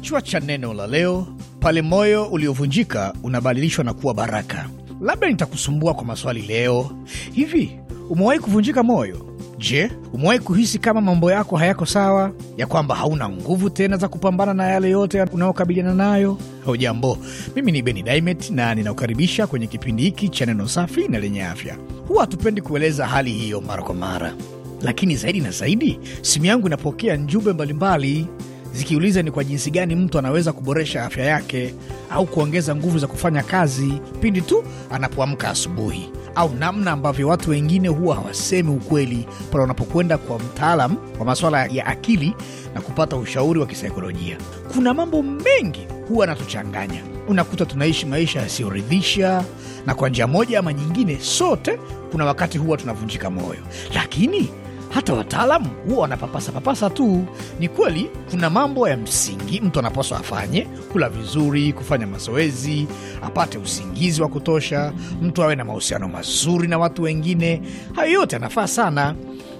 Kichwa cha neno la leo, pale moyo uliovunjika unabadilishwa na kuwa baraka. Labda nitakusumbua kwa maswali leo. Hivi, umewahi kuvunjika moyo? Je, umewahi kuhisi kama mambo yako hayako sawa, ya kwamba hauna nguvu tena za kupambana na yale yote unayokabiliana nayo? Hujambo, mimi ni Beni Dimet na ninakukaribisha kwenye kipindi hiki cha neno safi na lenye afya. Huwa hatupendi kueleza hali hiyo mara kwa mara, lakini zaidi na zaidi, simu yangu inapokea njumbe mbalimbali zikiuliza ni kwa jinsi gani mtu anaweza kuboresha afya yake au kuongeza nguvu za kufanya kazi pindi tu anapoamka asubuhi, au namna ambavyo watu wengine huwa hawasemi ukweli pale wanapokwenda kwa mtaalam wa masuala ya akili na kupata ushauri wa kisaikolojia. Kuna mambo mengi huwa anatuchanganya, unakuta tunaishi maisha yasiyoridhisha, na kwa njia moja ama nyingine, sote kuna wakati huwa tunavunjika moyo, lakini hata wataalamu huwa wanapapasa papasa tu. Ni kweli kuna mambo ya msingi mtu anapaswa afanye: kula vizuri, kufanya mazoezi, apate usingizi wa kutosha, mtu awe na mahusiano mazuri na watu wengine. Hayo yote anafaa sana,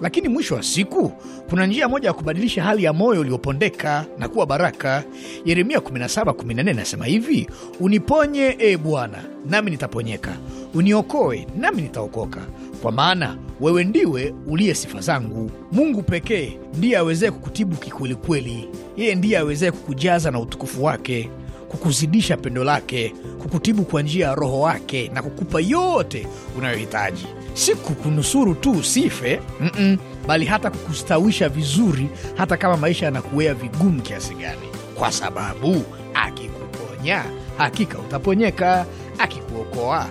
lakini mwisho wa siku kuna njia moja ya kubadilisha hali ya moyo uliopondeka na kuwa baraka. Yeremia 17:14 nasema hivi: uniponye e Bwana, nami nitaponyeka uniokoe nami nitaokoka, kwa maana wewe ndiwe uliye sifa zangu. Mungu pekee ndiye awezaye kukutibu kikwelikweli, yeye ndiye awezaye kukujaza na utukufu wake, kukuzidisha pendo lake, kukutibu kwa njia ya Roho wake na kukupa yote unayohitaji, si kukunusuru tu usife, mm -mm, bali hata kukustawisha vizuri, hata kama maisha yanakuwea vigumu kiasi gani, kwa sababu akikuponya hakika utaponyeka, akikuokoa